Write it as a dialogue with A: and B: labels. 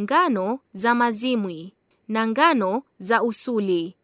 A: ngano za mazimwi na ngano za usuli.